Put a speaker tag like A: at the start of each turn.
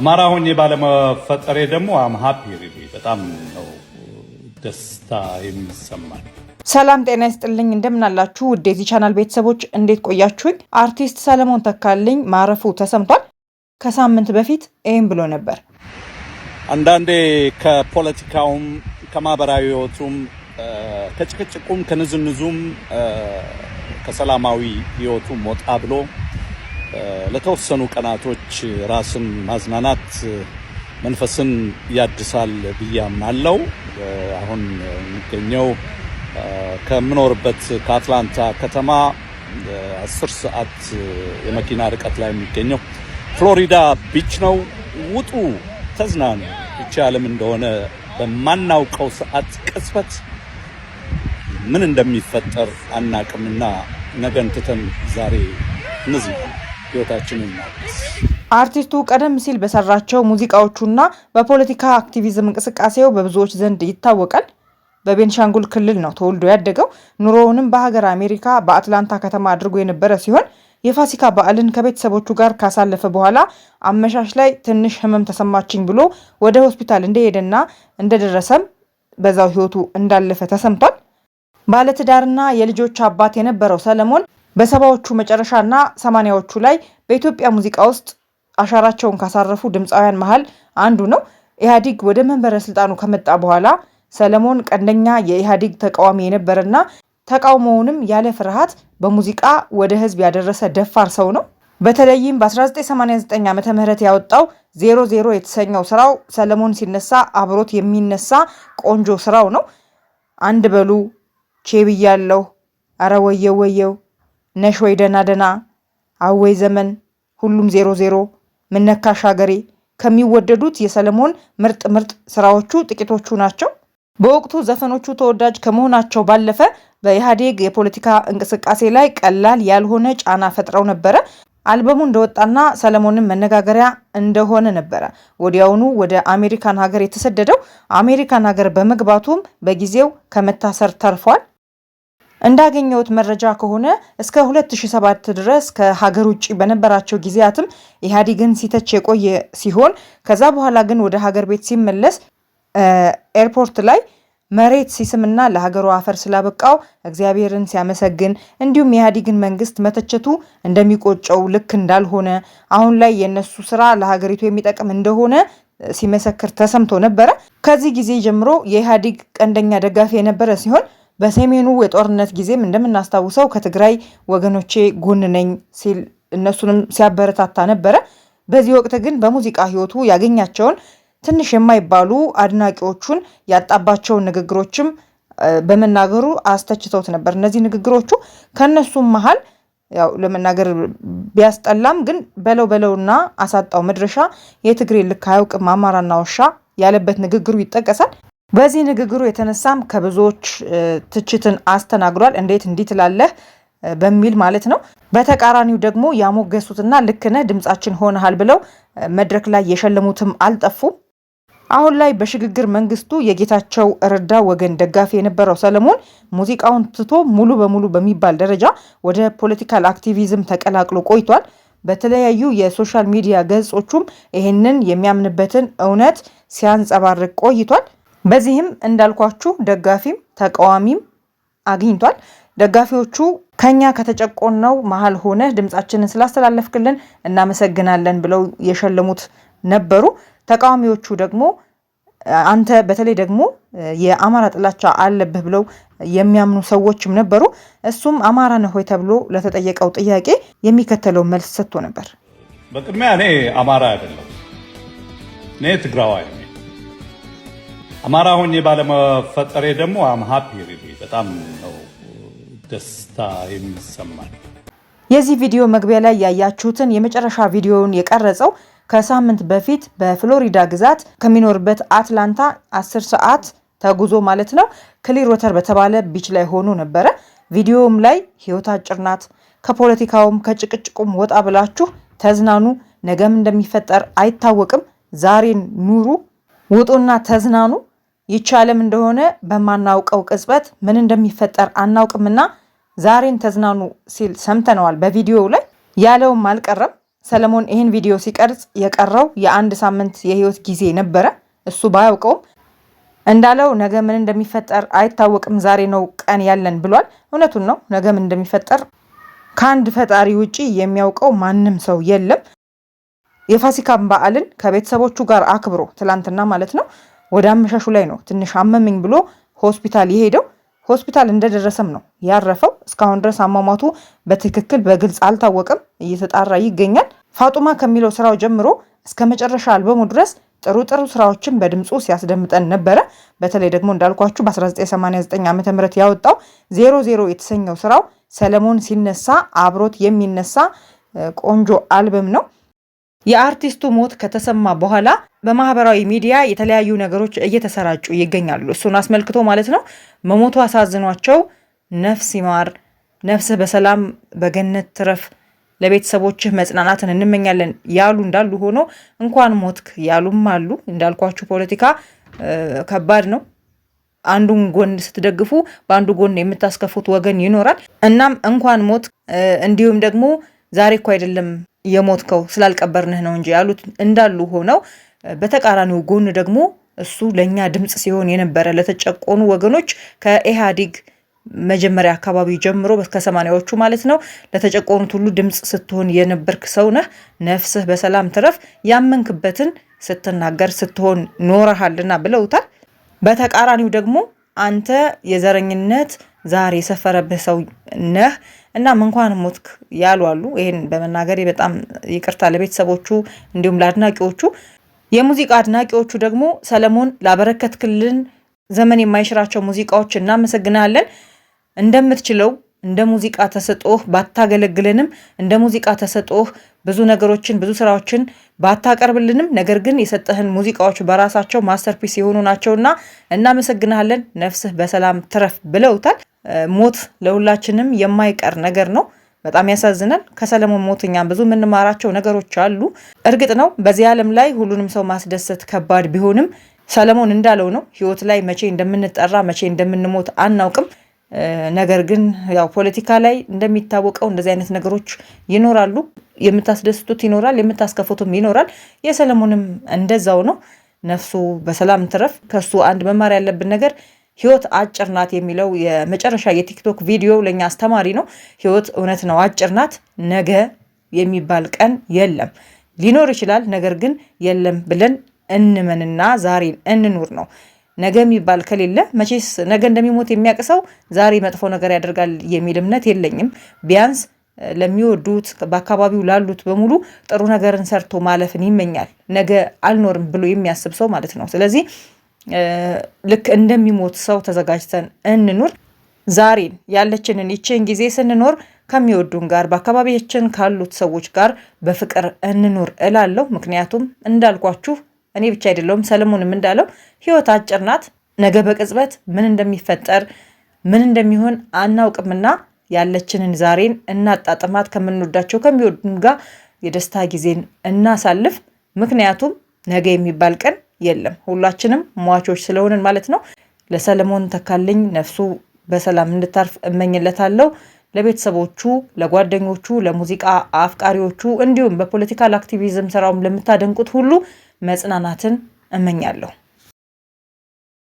A: አማራ ሆኜ ባለመፈጠሬ ደግሞ አም ሀፒ በጣም ነው ደስታ የሚሰማል።
B: ሰላም ጤና ይስጥልኝ። እንደምናላችሁ አላችሁ ውድ የዚህ ቻናል ቤተሰቦች እንዴት ቆያችሁኝ? አርቲስት ሰለሞን ተካልኝ ማረፉ ተሰምቷል። ከሳምንት በፊት ይህም ብሎ ነበር።
A: አንዳንዴ ከፖለቲካውም ከማህበራዊ ህይወቱም ከጭቅጭቁም ከንዝንዙም ከሰላማዊ ህይወቱም ወጣ ብሎ ለተወሰኑ ቀናቶች ራስን ማዝናናት መንፈስን ያድሳል ብዬ አለው። አሁን የሚገኘው ከምኖርበት ከአትላንታ ከተማ አስር ሰዓት የመኪና ርቀት ላይ የሚገኘው ፍሎሪዳ ቢች ነው። ውጡ፣ ተዝናኑ። ይቺ ዓለም እንደሆነ በማናውቀው ሰዓት ቅጽበት ምን እንደሚፈጠር አናቅምና ነገን ትተን ዛሬ እንዝናና። ህይወታችንን እናድስ።
B: አርቲስቱ ቀደም ሲል በሰራቸው ሙዚቃዎቹና በፖለቲካ አክቲቪዝም እንቅስቃሴው በብዙዎች ዘንድ ይታወቃል። በቤንሻንጉል ክልል ነው ተወልዶ ያደገው። ኑሮውንም በሀገር አሜሪካ በአትላንታ ከተማ አድርጎ የነበረ ሲሆን የፋሲካ በዓልን ከቤተሰቦቹ ጋር ካሳለፈ በኋላ አመሻሽ ላይ ትንሽ ህመም ተሰማችኝ ብሎ ወደ ሆስፒታል እንደሄደና እንደደረሰም በዛው ህይወቱ እንዳለፈ ተሰምቷል። ባለትዳርና የልጆች አባት የነበረው ሰለሞን በሰባዎቹ መጨረሻ እና ሰማኒያዎቹ ላይ በኢትዮጵያ ሙዚቃ ውስጥ አሻራቸውን ካሳረፉ ድምፃውያን መሀል አንዱ ነው። ኢህአዲግ ወደ መንበረ ስልጣኑ ከመጣ በኋላ ሰለሞን ቀንደኛ የኢህአዲግ ተቃዋሚ የነበረና ተቃውሞውንም ያለ ፍርሃት በሙዚቃ ወደ ህዝብ ያደረሰ ደፋር ሰው ነው። በተለይም በ1989 ዓ ም ያወጣው ዜሮ ዜሮ የተሰኘው ስራው ሰለሞን ሲነሳ አብሮት የሚነሳ ቆንጆ ስራው ነው። አንድ በሉ ቼ ብያለሁ፣ አረ ወየው ወየው ነሽ ወይ ደና ደና አወይ ዘመን ሁሉም ዜሮ ዜሮ ምነካሽ ሀገሬ ከሚወደዱት የሰለሞን ምርጥ ምርጥ ስራዎቹ ጥቂቶቹ ናቸው። በወቅቱ ዘፈኖቹ ተወዳጅ ከመሆናቸው ባለፈ በኢህአዴግ የፖለቲካ እንቅስቃሴ ላይ ቀላል ያልሆነ ጫና ፈጥረው ነበረ። አልበሙ እንደወጣና ሰለሞንን መነጋገሪያ እንደሆነ ነበረ። ወዲያውኑ ወደ አሜሪካን ሀገር የተሰደደው አሜሪካን ሀገር በመግባቱም በጊዜው ከመታሰር ተርፏል። እንዳገኘሁት መረጃ ከሆነ እስከ 2007 ድረስ ከሀገር ውጭ በነበራቸው ጊዜያትም ኢህአዴግን ሲተች የቆየ ሲሆን ከዛ በኋላ ግን ወደ ሀገር ቤት ሲመለስ ኤርፖርት ላይ መሬት ሲስምና ለሀገሩ አፈር ስላበቃው እግዚአብሔርን ሲያመሰግን እንዲሁም የኢህአዴግን መንግስት መተቸቱ እንደሚቆጨው ልክ እንዳልሆነ አሁን ላይ የእነሱ ስራ ለሀገሪቱ የሚጠቅም እንደሆነ ሲመሰክር ተሰምቶ ነበረ። ከዚህ ጊዜ ጀምሮ የኢህአዴግ ቀንደኛ ደጋፊ የነበረ ሲሆን በሰሜኑ የጦርነት ጊዜም እንደምናስታውሰው ከትግራይ ወገኖቼ ጎን ነኝ ሲል እነሱንም ሲያበረታታ ነበረ። በዚህ ወቅት ግን በሙዚቃ ህይወቱ ያገኛቸውን ትንሽ የማይባሉ አድናቂዎቹን ያጣባቸውን ንግግሮችም በመናገሩ አስተችተውት ነበር። እነዚህ ንግግሮቹ ከእነሱም መሀል ያው ለመናገር ቢያስጠላም ግን በለው በለውና አሳጣው መድረሻ የትግሬ ልክ አያውቅም አማራና ውሻ ያለበት ንግግሩ ይጠቀሳል። በዚህ ንግግሩ የተነሳም ከብዙዎች ትችትን አስተናግዷል። እንዴት እንዲህ ትላለህ በሚል ማለት ነው። በተቃራኒው ደግሞ ያሞገሱትና ልክ ነህ ድምጻችን ሆነሃል ብለው መድረክ ላይ የሸለሙትም አልጠፉም። አሁን ላይ በሽግግር መንግስቱ የጌታቸው ረዳ ወገን ደጋፊ የነበረው ሰለሞን ሙዚቃውን ትቶ ሙሉ በሙሉ በሚባል ደረጃ ወደ ፖለቲካል አክቲቪዝም ተቀላቅሎ ቆይቷል። በተለያዩ የሶሻል ሚዲያ ገጾቹም ይህንን የሚያምንበትን እውነት ሲያንጸባርቅ ቆይቷል። በዚህም እንዳልኳችሁ ደጋፊም ተቃዋሚም አግኝቷል። ደጋፊዎቹ ከኛ ከተጨቆነው መሀል ሆነ ድምፃችንን ስላስተላለፍክልን እናመሰግናለን ብለው የሸለሙት ነበሩ። ተቃዋሚዎቹ ደግሞ አንተ በተለይ ደግሞ የአማራ ጥላቻ አለብህ ብለው የሚያምኑ ሰዎችም ነበሩ። እሱም አማራ ነህ ሆይ ተብሎ ለተጠየቀው ጥያቄ የሚከተለውን መልስ ሰጥቶ ነበር።
A: በቅድሚያ እኔ አማራ አይደለም፣ እኔ ትግራዋይ አማራ ሆኜ ባለመፈጠሬ ደግሞ አም ሀፒ በጣም ነው ደስታ የሚሰማል።
B: የዚህ ቪዲዮ መግቢያ ላይ ያያችሁትን የመጨረሻ ቪዲዮውን የቀረጸው ከሳምንት በፊት በፍሎሪዳ ግዛት ከሚኖርበት አትላንታ 10 ሰዓት ተጉዞ ማለት ነው ክሊር ወተር በተባለ ቢች ላይ ሆኖ ነበረ። ቪዲዮውም ላይ ህይወት አጭር ናት፣ ከፖለቲካውም ከጭቅጭቁም ወጣ ብላችሁ ተዝናኑ፣ ነገም እንደሚፈጠር አይታወቅም፣ ዛሬን ኑሩ፣ ውጡና ተዝናኑ ይቻለም እንደሆነ በማናውቀው ቅጽበት ምን እንደሚፈጠር አናውቅምና ዛሬን ተዝናኑ ሲል ሰምተነዋል። በቪዲዮው ላይ ያለውም አልቀረም። ሰለሞን ይህን ቪዲዮ ሲቀርጽ የቀረው የአንድ ሳምንት የህይወት ጊዜ ነበረ። እሱ ባያውቀውም እንዳለው ነገ ምን እንደሚፈጠር አይታወቅም፣ ዛሬ ነው ቀን ያለን ብሏል። እውነቱን ነው። ነገ ምን እንደሚፈጠር ከአንድ ፈጣሪ ውጪ የሚያውቀው ማንም ሰው የለም። የፋሲካን በዓልን ከቤተሰቦቹ ጋር አክብሮ ትላንትና ማለት ነው ወደ አመሻሹ ላይ ነው ትንሽ አመመኝ ብሎ ሆስፒታል የሄደው። ሆስፒታል እንደደረሰም ነው ያረፈው። እስካሁን ድረስ አሟሟቱ በትክክል በግልጽ አልታወቀም፣ እየተጣራ ይገኛል። ፋጡማ ከሚለው ስራው ጀምሮ እስከ መጨረሻ አልበሙ ድረስ ጥሩ ጥሩ ስራዎችን በድምፁ ሲያስደምጠን ነበረ። በተለይ ደግሞ እንዳልኳችሁ በ1989 ዓ ም ያወጣው ዜሮ ዜሮ የተሰኘው ስራው ሰለሞን ሲነሳ አብሮት የሚነሳ ቆንጆ አልበም ነው። የአርቲስቱ ሞት ከተሰማ በኋላ በማህበራዊ ሚዲያ የተለያዩ ነገሮች እየተሰራጩ ይገኛሉ። እሱን አስመልክቶ ማለት ነው። መሞቱ አሳዝኗቸው ነፍስ ይማር፣ ነፍስህ በሰላም በገነት ትረፍ፣ ለቤተሰቦችህ መጽናናትን እንመኛለን ያሉ እንዳሉ ሆኖ እንኳን ሞትክ ያሉም አሉ። እንዳልኳችሁ ፖለቲካ ከባድ ነው። አንዱን ጎን ስትደግፉ በአንዱ ጎን የምታስከፉት ወገን ይኖራል። እናም እንኳን ሞት እንዲሁም ደግሞ ዛሬ እኮ አይደለም የሞትከው ስላልቀበርንህ ነው እንጂ ያሉት እንዳሉ ሆነው በተቃራኒው ጎን ደግሞ እሱ ለእኛ ድምፅ ሲሆን የነበረ ለተጨቆኑ ወገኖች ከኢህአዲግ መጀመሪያ አካባቢ ጀምሮ ከሰማኒያዎቹ ማለት ነው ለተጨቆኑት ሁሉ ድምፅ ስትሆን የነበርክ ሰው ነህ። ነፍስህ በሰላም ትረፍ፣ ያመንክበትን ስትናገር ስትሆን ኖረሃልና ብለውታል። በተቃራኒው ደግሞ አንተ የዘረኝነት ዛሬ የሰፈረብህ ሰው ነህ፣ እናም እንኳን ሞትክ ያሉ አሉ። ይህን በመናገር በጣም ይቅርታ ለቤተሰቦቹ እንዲሁም ለአድናቂዎቹ። የሙዚቃ አድናቂዎቹ ደግሞ ሰለሞን ላበረከትክልን ዘመን የማይሽራቸው ሙዚቃዎች እናመሰግናለን። እንደምትችለው እንደ ሙዚቃ ተሰጦህ ባታገለግልንም እንደ ሙዚቃ ተሰጦህ ብዙ ነገሮችን ብዙ ስራዎችን ባታቀርብልንም ነገር ግን የሰጠህን ሙዚቃዎች በራሳቸው ማስተርፒስ የሆኑ ናቸውና እናመሰግናለን፣ ነፍስህ በሰላም ትረፍ ብለውታል። ሞት ለሁላችንም የማይቀር ነገር ነው። በጣም ያሳዝናል። ከሰለሞን ሞት እኛም ብዙ የምንማራቸው ነገሮች አሉ። እርግጥ ነው በዚህ ዓለም ላይ ሁሉንም ሰው ማስደሰት ከባድ ቢሆንም ሰለሞን እንዳለው ነው ህይወት ላይ መቼ እንደምንጠራ መቼ እንደምንሞት አናውቅም። ነገር ግን ያው ፖለቲካ ላይ እንደሚታወቀው እንደዚህ አይነት ነገሮች ይኖራሉ። የምታስደስቱት ይኖራል፣ የምታስከፉትም ይኖራል። የሰለሞንም እንደዛው ነው። ነፍሱ በሰላም ትረፍ። ከሱ አንድ መማር ያለብን ነገር ህይወት አጭር ናት የሚለው የመጨረሻ የቲክቶክ ቪዲዮ ለእኛ አስተማሪ ነው። ህይወት እውነት ነው፣ አጭር ናት። ነገ የሚባል ቀን የለም። ሊኖር ይችላል፣ ነገር ግን የለም ብለን እንመንና ዛሬን እንኑር ነው። ነገ የሚባል ከሌለ መቼስ ነገ እንደሚሞት የሚያቅሰው ዛሬ መጥፎ ነገር ያደርጋል የሚል እምነት የለኝም። ቢያንስ ለሚወዱት በአካባቢው ላሉት በሙሉ ጥሩ ነገርን ሰርቶ ማለፍን ይመኛል፣ ነገ አልኖርም ብሎ የሚያስብ ሰው ማለት ነው። ስለዚህ ልክ እንደሚሞት ሰው ተዘጋጅተን እንኑር። ዛሬን ያለችንን ይችን ጊዜ ስንኖር ከሚወዱን ጋር በአካባቢያችን ካሉት ሰዎች ጋር በፍቅር እንኑር እላለሁ። ምክንያቱም እንዳልኳችሁ እኔ ብቻ አይደለሁም፣ ሰለሞንም እንዳለው ህይወት አጭር ናት። ነገ በቅጽበት ምን እንደሚፈጠር ምን እንደሚሆን አናውቅምና ያለችንን ዛሬን እናጣጥማት፣ ከምንወዳቸው ከሚወዱን ጋር የደስታ ጊዜን እናሳልፍ። ምክንያቱም ነገ የሚባል ቀን የለም። ሁላችንም ሟቾች ስለሆንን ማለት ነው። ለሰለሞን ተካልኝ ነፍሱ በሰላም እንድታርፍ እመኝለታለሁ። ለቤተሰቦቹ፣ ለጓደኞቹ፣ ለሙዚቃ አፍቃሪዎቹ እንዲሁም በፖለቲካል አክቲቪዝም ስራውም ለምታደንቁት ሁሉ መጽናናትን እመኛለሁ።